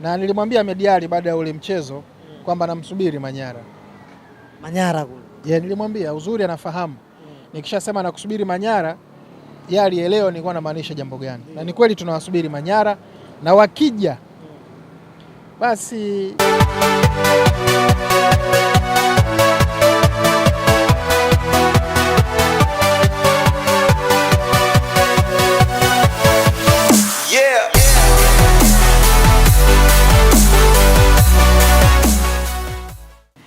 na nilimwambia Mediali baada ya ule mchezo kwamba namsubiri Manyara Manyara kule. Yeah, nilimwambia uzuri anafahamu. Nikishasema nakusubiri Manyara, yeye alielewa nilikuwa namaanisha jambo gani, na ni kweli tunawasubiri Manyara na wakija basi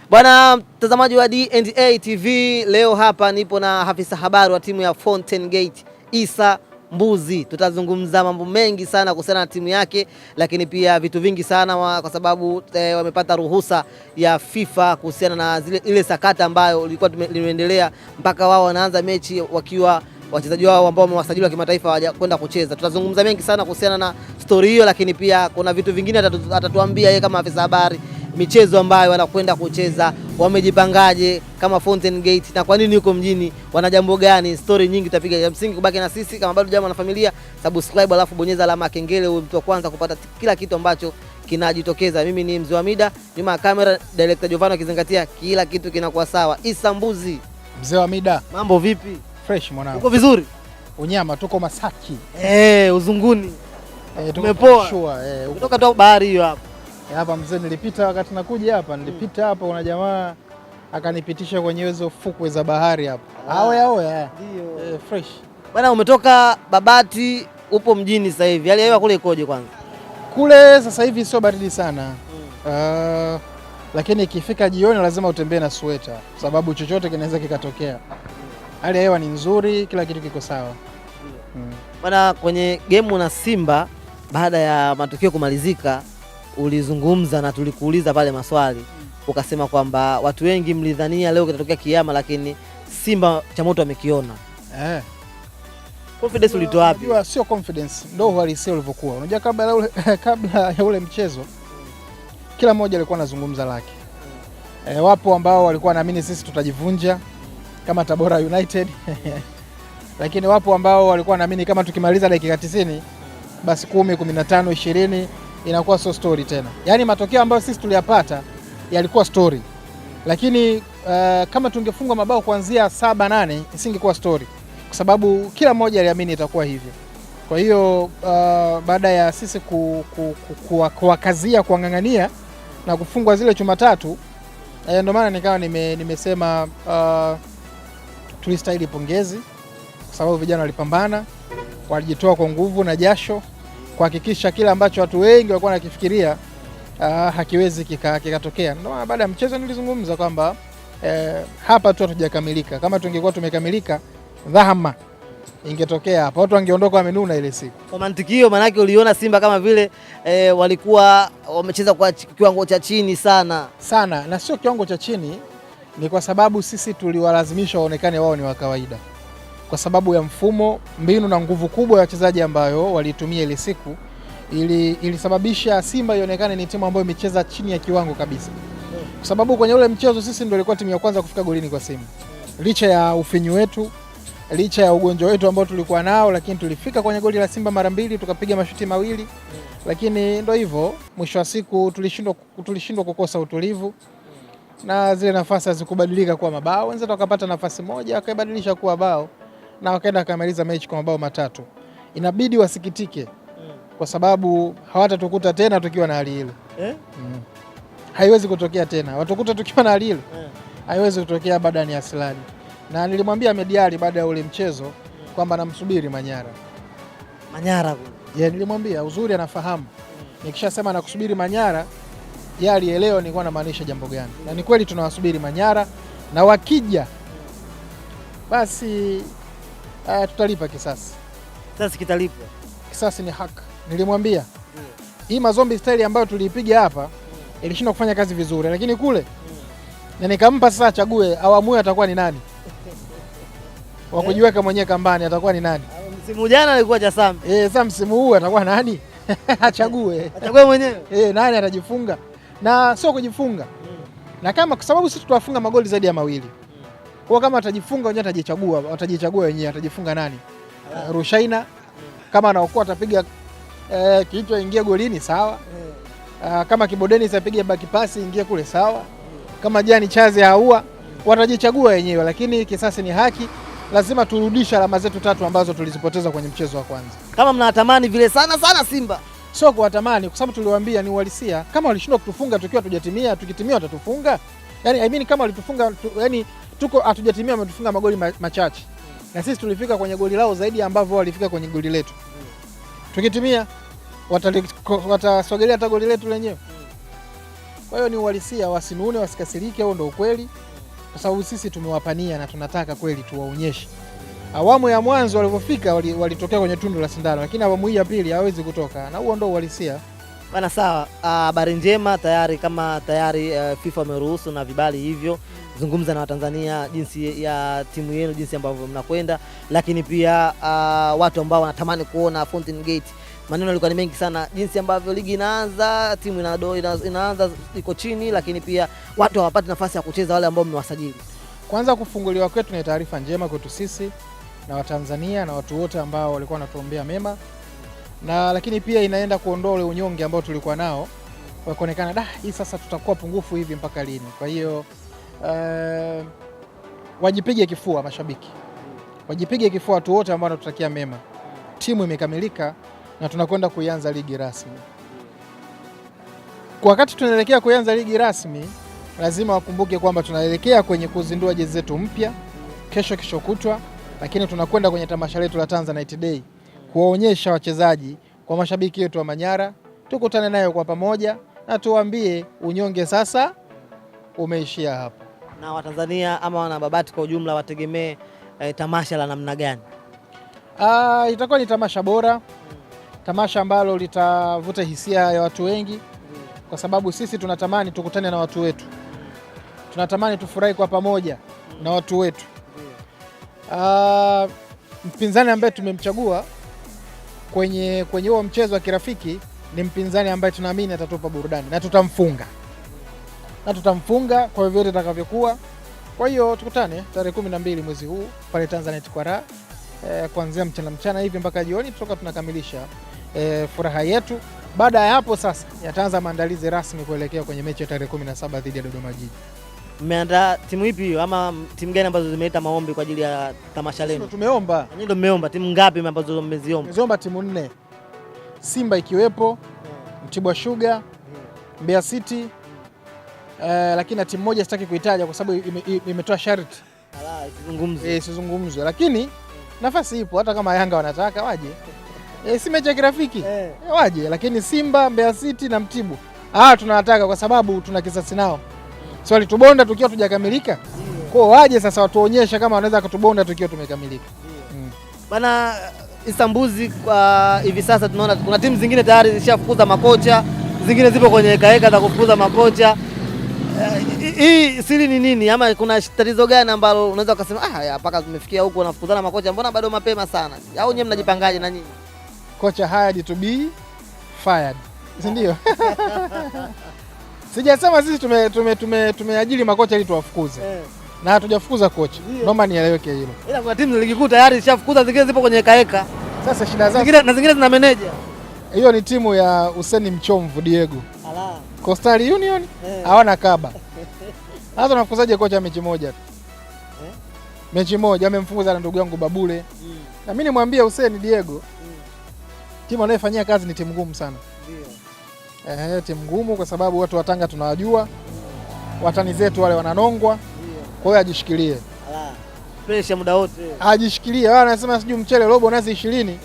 Bwana mtazamaji wa D&A TV, leo hapa nipo na afisa habari wa timu ya Fountain Gate Isa Mbuzi. Tutazungumza mambo mengi sana kuhusiana na timu yake, lakini pia vitu vingi sana wa, kwa sababu e, wamepata ruhusa ya FIFA kuhusiana na zile, ile sakata ambayo ilikuwa limeendelea mpaka wao wanaanza mechi wakiwa wachezaji wao ambao wamewasajili wa kimataifa hawajakwenda kucheza. Tutazungumza mengi sana kuhusiana na stori hiyo, lakini pia kuna vitu vingine atatuambia yeye kama afisa habari michezo ambayo wanakwenda kucheza, wamejipangaje kama Fountain Gate na kwa nini yuko mjini, wana jambo gani? Story nyingi tutapiga. Ya msingi kubaki na sisi, kama bado jamaa na familia, subscribe alafu bonyeza alama ya kengele, uwe mtu wa kwanza kupata kila kitu ambacho kinajitokeza. Mimi ni Mzee wa Mida, nyuma ya kamera director Jovano, akizingatia kila kitu kinakuwa sawa. Isa Mbuzi, Mzee wa Mida, mambo vipi? Fresh mwanangu, uko vizuri? Unyama tuko Masaki, eh, uzunguni, eh, tumepoa, sure, eh, kutoka tu bahari hiyo hapo Eh, hapa mzee, nilipita wakati nakuja hapa, nilipita hapa, kuna jamaa akanipitisha kwenye hizo fukwe za bahari hapa. Awe ah, awe eh. ndio eh, fresh bwana. Umetoka Babati upo mjini sasa hivi, hali ya hewa kule ikoje? Kwanza kule sasa hivi sio baridi sana uh, lakini ikifika jioni lazima utembee na sweta, sababu chochote kinaweza kikatokea. Hali ya hewa ni nzuri, kila kitu kiko sawa hmm. bwana Kwenye gemu na Simba baada ya matukio kumalizika ulizungumza na tulikuuliza pale maswali, ukasema kwamba watu wengi mlidhania leo kitatokea kiama, lakini Simba cha moto amekiona eh. Confidence ulitoa wapi? Unajua sio confidence, ndio uhalisia ulivyokuwa. Unajua kabla ya ule, kabla ya ule mchezo kila mmoja alikuwa anazungumza lake. E, wapo ambao walikuwa naamini sisi tutajivunja kama Tabora United lakini wapo ambao walikuwa naamini kama tukimaliza dakika 90 basi 10, 15, 20 inakuwa sio story tena. Yaani matokeo ambayo sisi tuliyapata yalikuwa story, lakini uh, kama tungefungwa mabao kuanzia saba nane isingekuwa story, kwa sababu kila mmoja aliamini itakuwa hivyo. Kwa hiyo uh, baada ya sisi ku, ku, ku, ku, kuwang'ang'ania na kufungwa zile chuma tatu eh, ndio maana nikawa nime, nimesema uh, tulistahili pongezi kwa sababu vijana walipambana, walijitoa kwa nguvu na jasho kuhakikisha kile ambacho watu wengi walikuwa wanakifikiria uh, hakiwezi kikatokea kika. Ndio baada ya mchezo nilizungumza kwamba eh, hapa tu hatujakamilika. Kama tungekuwa tumekamilika, dhahama ingetokea hapa, watu wangeondoka wamenuna ile siku. Kwa mantiki hiyo, maanake uliona Simba kama vile e, walikuwa wamecheza kwa kiwango cha chini sana sana, na sio kiwango cha chini, ni kwa sababu sisi tuliwalazimisha waonekane wao ni wa kawaida kwa sababu ya mfumo, mbinu na nguvu kubwa ya wachezaji ambayo walitumia ile siku ili, ilisababisha Simba ionekane ni timu ambayo imecheza chini ya kiwango kabisa, kwa sababu kwenye ule mchezo sisi ndio ilikuwa timu ya kwanza kufika golini kwa Simba, licha ya ufinyu wetu, licha ya ugonjwa wetu ambao tulikuwa nao, lakini tulifika kwenye goli la Simba mara mbili tukapiga mashuti mawili, lakini ndio hivyo, mwisho wa siku tulishindwa tulishindwa kukosa utulivu na zile nafasi hazikubadilika kuwa mabao. Wenzetu wakapata nafasi moja wakaibadilisha kuwa bao na wakaenda wakamaliza mechi kwa mabao matatu. Inabidi wasikitike kwa sababu hawatatukuta tena tukiwa na hali ile eh? mm. Haiwezi kutokea tena, watukuta tukiwa na hali ile eh. Haiwezi kutokea baada ya Aslani, na nilimwambia Mediali baada ya ule mchezo kwamba namsubiri Manyara Manyara yeah, nilimwambia uzuri anafahamu mm. Nikishasema nakusubiri Manyara yeye alielewa nilikuwa namaanisha jambo gani, na ni kweli tunawasubiri Manyara na wakija basi Uh, tutalipa kisasi. Sasa kitalipwa. Kisasi ni haki. Nilimwambia hii mazombi style ambayo tuliipiga hapa ilishindwa kufanya kazi vizuri, lakini kule na nikampa sasa achague, awamue atakuwa ni nani wa kujiweka mwenyewe kambani, atakuwa ni nani? Msimu jana alikuwa cha Sam. Eh, sasa msimu huu atakuwa nani? Achague, Atakuwa mwenyewe eh, nani atajifunga na sio kujifunga, mm. na kama kwa sababu sisi tutafunga magoli zaidi ya mawili kwa kama atajifunga wenyewe atajichagua, atajichagua wenyewe atajifunga nani? Uh, Rushaina kama anaokoa atapiga eh, kilichoingia golini sawa. Uh, kama Kibodeni apiga bakipasi ingie kule sawa. Kama Jani Chaze haua watajichagua wenyewe, lakini kisasi ni haki. Lazima turudisha alama zetu tatu ambazo tulizipoteza kwenye mchezo wa kwanza. Kama mnatamani vile sana sana Simba sio kuwatamani, kwa sababu tuliwaambia ni uhalisia. Kama walishindwa kutufunga tukiwa tujatimia, tukitimia watatufunga. Yani, I mean, kama walitufunga tu, yani tuko hatujatimia, wametufunga magoli machache na sisi tulifika kwenye goli lao zaidi ambavyo walifika kwenye goli letu. Tukitimia watasogelea hata goli letu lenyewe. Kwa hiyo ni uhalisia, wasinune, wasikasirike, huo ndo ukweli, kwa sababu sisi tumewapania na tunataka kweli tuwaonyeshe. Awamu ya mwanzo walivyofika walitokea kwenye tundu la sindano, lakini awamu hii ya pili hawezi kutoka, na huo ndo uhalisia bana. Sawa, ah, habari njema tayari, kama tayari uh, FIFA wameruhusu na vibali hivyo kuzungumza na Watanzania jinsi ya timu yenu jinsi ambavyo mnakwenda, lakini pia uh, watu ambao wanatamani kuona Fountain Gate. Maneno yalikuwa ni mengi sana, jinsi ambavyo ligi inaanza, timu inado, inaanza iko chini, lakini pia watu hawapati nafasi ya kucheza, wale ambao mmewasajili. Kwanza kufunguliwa kwetu ni taarifa njema kwetu sisi na Watanzania na watu wote ambao walikuwa wanatuombea mema na lakini pia inaenda kuondoa ule unyonge ambao tulikuwa nao, kuonekana, da hii sasa tutakuwa pungufu hivi mpaka lini? Kwa hiyo uh, wajipige kifua mashabiki, wajipige kifua watu wote ambao wanatutakia mema. Timu imekamilika na tunakwenda kuianza ligi rasmi. Kwa wakati tunaelekea kuianza ligi rasmi, lazima wakumbuke kwamba tunaelekea kwenye kuzindua jezi zetu mpya kesho, kesho kutwa, lakini tunakwenda kwenye tamasha letu la Tanzanite Day kuwaonyesha wachezaji kwa mashabiki wetu wa Manyara. Tukutane nayo kwa pamoja na tuwambie unyonge sasa umeishia hapa na Watanzania ama Wanababati kwa ujumla wategemee eh, tamasha la namna gani? Uh, itakuwa ni tamasha bora mm. Tamasha ambalo litavuta hisia ya watu wengi mm. Kwa sababu sisi tunatamani tukutane na watu wetu mm. Tunatamani tufurahi kwa pamoja mm. na watu wetu mm. uh, mpinzani ambaye tumemchagua kwenye huo mchezo wa kirafiki ni mpinzani ambaye tunaamini atatupa burudani na tutamfunga na tutamfunga kwa vyovyote itakavyokuwa. Kwa hiyo tukutane tarehe kumi na mbili mwezi huu pale Tanzanet kwa raha e, eh, kuanzia mchana mchana hivi mpaka jioni tutoka tunakamilisha e, furaha yetu. Baada ya hapo sasa yataanza maandalizi rasmi kuelekea kwenye mechi ya tarehe 17 dhidi ya Dodoma Jiji. Mmeandaa timu ipi ama timu gani ambazo zimeleta maombi kwa ajili ya tamasha lenu? Tumeomba. Nyinyi ndio mmeomba timu ngapi ambazo mmeziomba? Tumeziomba timu nne, Simba ikiwepo, hmm. Mtibwa Sugar, hmm. Mbeya City eh, lakini na timu moja sitaki kuitaja kwa sababu imetoa sharti eh, isizungumzwe, lakini nafasi ipo, hata kama Yanga wanataka waje e, si mechi ya kirafiki e, waje. Lakini Simba, Mbeya City na Mtibu ah, tunawataka kwa sababu tuna kisasi nao, si walitubonda tukiwa tujakamilika kwao, waje sasa watuonyeshe kama wanaweza kutubonda tukiwa tumekamilika mm. Bana Istambuzi kwa hivi sasa tunaona kuna timu zingine tayari zishafukuza makocha, zingine zipo kwenye hekaheka za kufukuza makocha. Eh, hii siri ni nini, ama kuna tatizo gani ambalo unaweza ukasema ah, mpaka tumefikia huko nafukuzana makocha, mbona bado mapema sana? Au nyewe mnajipangaje na nyinyi? Kocha hired to be fired, si ndio? Sijasema sisi tumeajiri tume, tume, tume makocha ili tuwafukuze eh. na hatujafukuza kocha, naomba nieleweke hilo. Ila kuna timu za tayari zishafukuza, zingine zipo kwenye hekaheka. Sasa shida zake na zingine zina meneja. Hiyo ni timu ya useni Mchomvu Diego Alaa. Coastal Union eh. hawana kaba. Sasa unafukuzaje kocha mechi moja tu? Eh? Mechi moja amemfukuza na ndugu yangu Babule. Mm. Na mimi nimwambia Hussein Diego, mm. timu anayofanyia kazi ni timu ngumu sana. Ndio. Eh, timu ngumu kwa sababu watu wa Tanga tunawajua. Watani zetu wale wananongwa. Kwa hiyo ajishikilie. Pressure muda wote. Ajishikilie. Wao wanasema sijui mchele robo nazi 20 eh.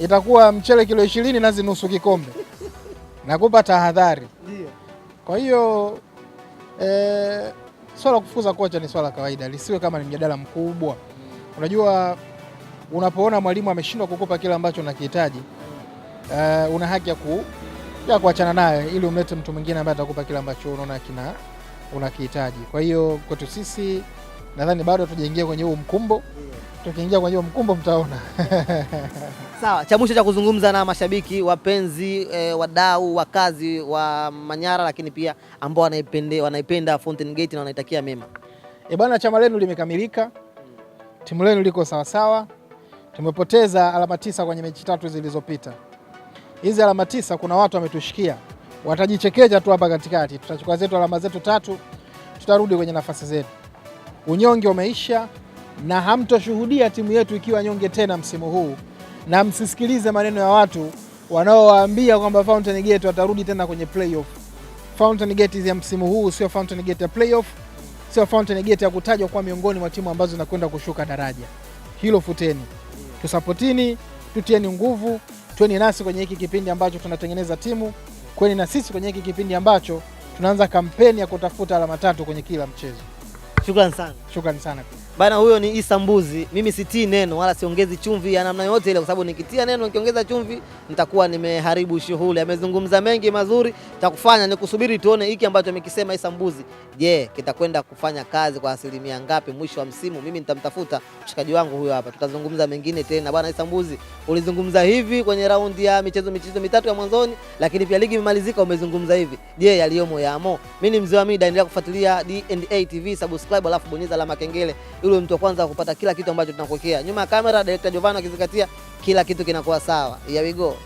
itakuwa mchele kilo 20 nazi nusu kikombe. Nakupa tahadhari. Kwa hiyo eh, swala la kufukuza kocha ni swala kawaida, lisiwe kama ni mjadala mkubwa. Unajua, unapoona mwalimu ameshindwa kukupa kile ambacho unakihitaji eh, una haki ya ku ya kuachana naye ili umlete mtu mwingine ambaye atakupa kile ambacho unaona kina unakihitaji. Kwa hiyo kwetu sisi nadhani bado tujaingia kwenye huo mkumbo. Tukiingia kwenye huo mkumbo mtaona. Sawa, cha mwisho cha kuzungumza na mashabiki, wapenzi, e, wadau, wakazi wa Manyara, lakini pia ambao wanaipenda Fountain Gate na wanaitakia mema. E bwana, chama lenu limekamilika, timu lenu liko sawasawa. Tumepoteza alama tisa kwenye mechi tatu zilizopita. Hizi alama tisa kuna watu wametushikia, watajichekeja tu hapa katikati. Tutachukua zetu alama zetu tatu, tutarudi kwenye nafasi zetu unyonge umeisha na hamtoshuhudia timu yetu ikiwa nyonge tena msimu huu, na msisikilize maneno ya watu wanaowaambia kwamba Fountain Gate watarudi tena kwenye playoff. Fountain Gate ya msimu huu sio Fountain Gate ya playoff, sio Fountain Gate ya kutajwa kuwa miongoni mwa timu ambazo zinakwenda kushuka daraja. Hilo futeni, tusapotini, tutieni nguvu, tueni nasi kwenye hiki kipindi ambacho tunatengeneza timu, kweni na sisi kwenye hiki kipindi ambacho tunaanza kampeni ya kutafuta alama tatu kwenye kila mchezo. Shukrani sana. Shukrani sana bana, huyo ni Isa Mbuzi. Mimi sitii neno wala siongezi chumvi ya namna yote ile, kwa sababu nikitia neno nikiongeza chumvi nitakuwa nimeharibu shughuli. Amezungumza mengi mazuri, takufanya ni kusubiri tuone hiki ambacho amekisema Isa Mbuzi, je, yeah, kitakwenda kufanya kazi kwa asilimia ngapi mwisho wa msimu? Mimi nitamtafuta mshikaji wangu huyo hapa, tutazungumza mengine tena. Bana Isa Mbuzi, ulizungumza hivi kwenye raundi ya michezo michezo mitatu ya mwanzoni, lakini pia ligi imemalizika, umezungumza hivi. Je, yeah, yaliyomo yamo. Mimi ni mzee wa mida, endelea kufuatilia D&A TV, subscribe alafu bonyeza alama kengele yule mtu wa kwanza kupata kila kitu ambacho tunakuwekea. Nyuma ya kamera, director Jovano akizingatia kila kitu kinakuwa sawa. Here we go.